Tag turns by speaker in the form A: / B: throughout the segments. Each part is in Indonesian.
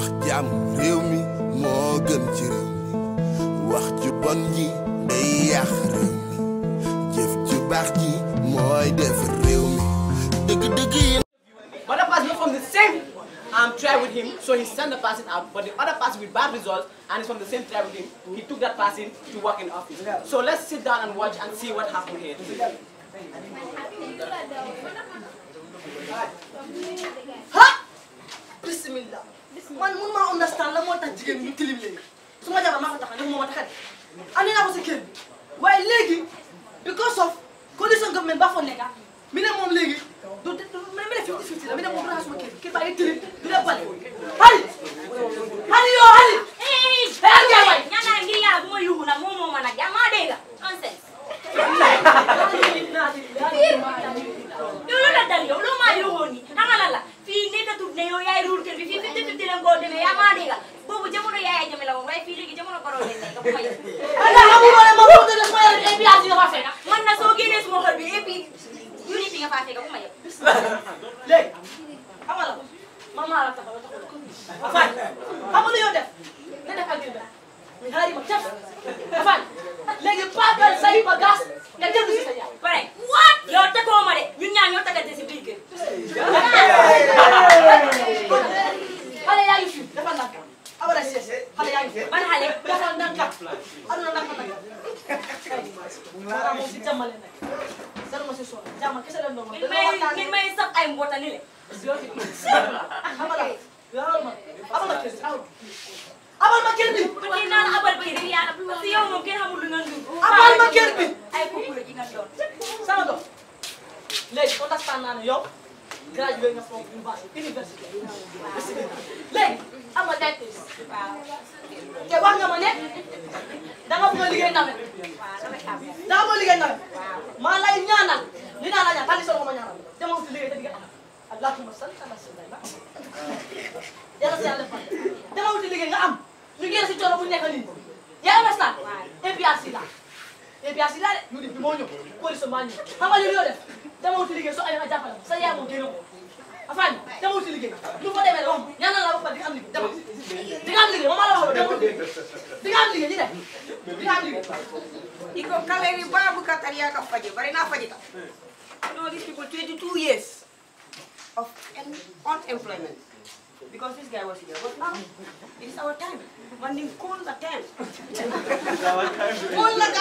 A: wax jàmm réew mi moo gën ci réew mi wax ju bon ji day yàq réew mi jëf ju baax ji mooy def réew mi dëgg dëgg yi. But the pass person from the same um, tribe with him, so he sent the passing out. But the other person with bad results, and it's from the same tribe with him, he took that passing to work in office. So let's sit down and watch and see what happened here. man mun maa understand la moo tax jigéen ñu tilim leen su ma jabar maa ko tax a def moo ma ka a def andi naa ko sa kër waaye léegi because of condition government ba fa nekka mi ne moom léegi du du mi ne fifty fifty la mi ne moom du raxas ma kër kër baa ngi tilim du dee bale ano yo? Graduate na from university. Leng, I'm a dentist. Kaya wag naman ya? eh. Dapat mo ligay namin. Dapat mo ligay namin. Malay niya na. Ninala niya. Talisol ko man niya namin. Di mo ligay tayo. Allahumma salli ala sallam. Yara si Allah. Di mo ligay nga am. Ligay si Choro mo niya kanin. Ya mas na. Ebiasila. Ya, Ebiasila. Ya, Nuri bimonyo. Kuwari sa manyo. Hamal yun yun dama wuti liggéey soo amee ma jàppale ko sa yaay moom génn ko afaan lu fa demee wax ñaanal la ba pare di nga am liggéey dama di nga am liggéey moom la kaleri babu katar ya ka faje bari na faje no these people 22 years of unemployment because this guy was here. But now, it is our time. One in the time. All the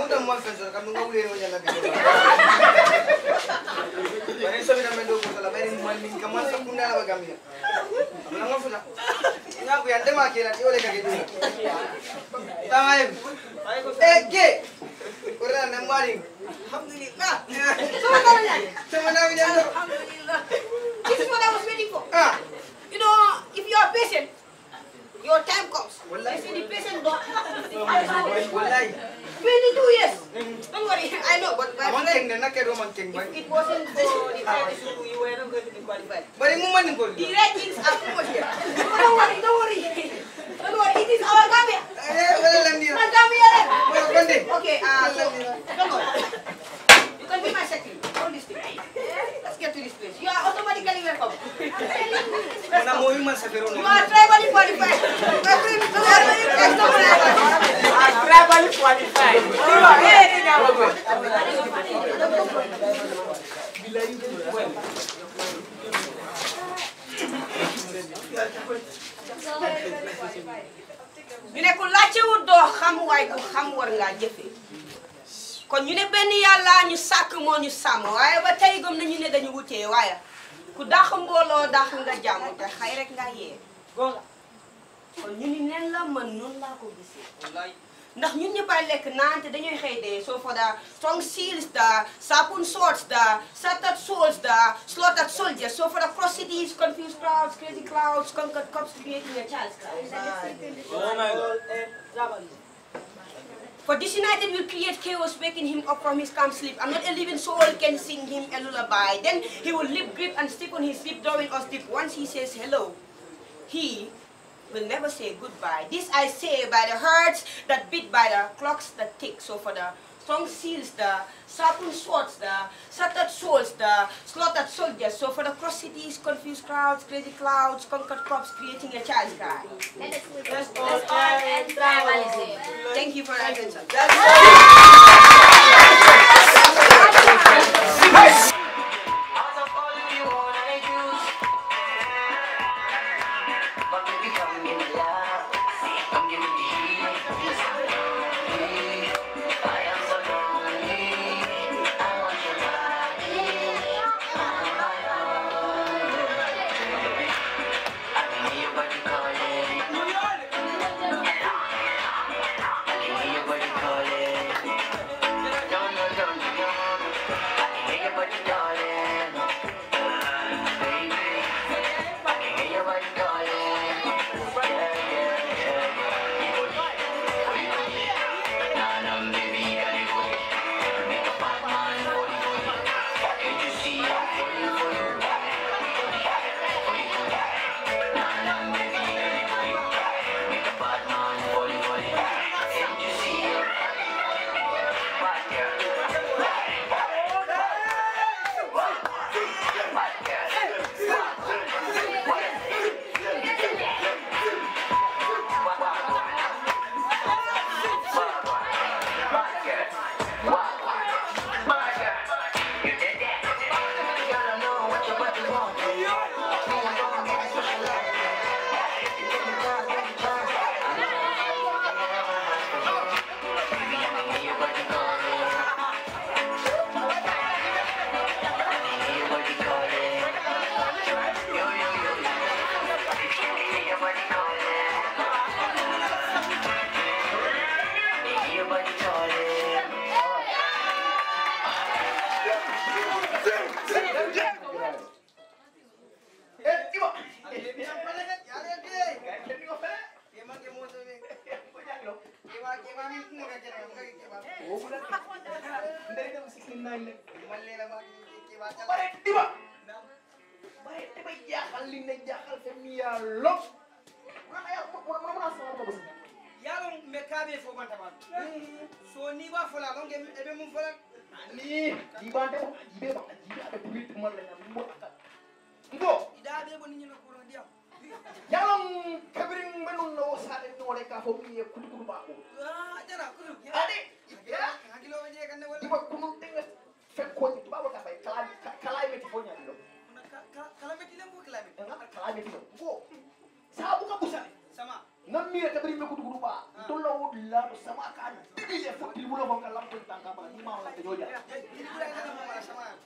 A: kamu kamu Kamuda mwafensora kamunga ulero yana bidora. Bari sobira mendo kusala bari mwalinga kamu kunda la bagamira. Amna ngafuna. Ngaku yande makela tiole kakidura. Tamaye. Ege. Ora na mwali. Alhamdulillah. Sama kala yani. Sama na winya. Alhamdulillah. This is what I was waiting for. Ah. You know, if you are patient, your time comes. Wallahi. di see the patient don't. Wallahi. 22 years. Don't worry, I know, but my one friend... One thing, Roman king, If it wasn't for the private school, you were not going to be qualified. But in woman, The red jeans are too much here. Don't worry, don't worry. Don't worry, it is our Gambia. Eh, well, Landia. Not Gambia, then. Well, Gandhi. Okay, uh, so, come on. You can be my secretary. All these things. Let's get to this place. You are automatically welcome. Let's go. You are tribally qualified. My friend, you are tribally qualified. laa jëfee kon ñu ne benn yàllaa ñu sàkk moo ñu sàmm waaye ba tey gëm nañu ne dañu wutee waaye ku dàq mbooloo dàq nga jàmm te xay rek nga yee gonga kon ñu ni nen la man noonu laa ko gisee ndax ñun ñëpp ay lekk naan te dañuy xëy de soo fa daa strong seals daa sapun swords daa shattered souls daa slaughtered soldiers soo fa daa prostitutes confused crowds crazy crowds conquered cops creating a child's crowd. Oh my God. For this united will create chaos, waking him up from his calm sleep. And not a living soul can sing him a lullaby. Then he will lip grip and stick on his lip, drawing us deep. Once he says hello, he will never say goodbye. This I say by the hearts that beat, by the clocks that tick. So for the strong seals there, sharpened swords there, shattered souls there, slaughtered soldiers. So for the cross cities, confused crowds, crazy clouds, conquered crops, creating a child's cry. That's all. That's all. And Thank you for your attention. ಕಲ್ಲಿಂದ ಬರೆಟ್ಟಿ me kabe fo banta ba ah ya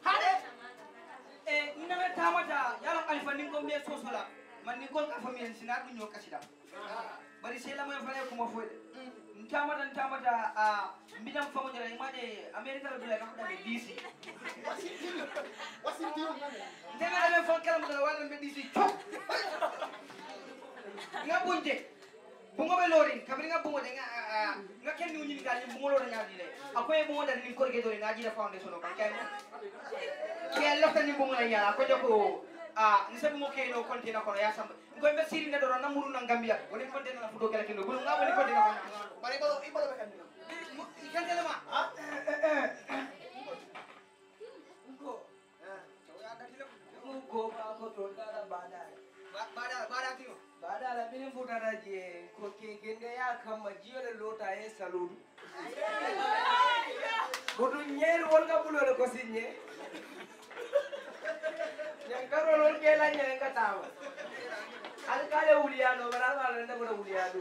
A: hade e ninawe tamata yaron alfa nin gombe sosola man ni gol alfa min sina dun yo kasida bari sai lamoy fare kuma foyde ntamata ntamata a mbidam famo jara america la dula nakda be disi washington washington ndena ale fon kalam dala bungo be lorin kabri nga bungo denga nga ken ni unyi ngali bungo lorin nga dile ako e bungo dan ah, ni ko dorin nga dile foundation no kan kan ke lofta ni bungo la yala ko joko a ni se bungo ke no kontina ko ya sam ko be siri na doron na muru na gambia woni kontina na fudo kala kino bungo nga woni kontina ko कराजे खोके gendaya khamma jiyole lota e saludu bodu nyer wolga bulole ko sinye nyen karolol kela nyen ngatawa alkale uliyano bara wala ndamara uliyano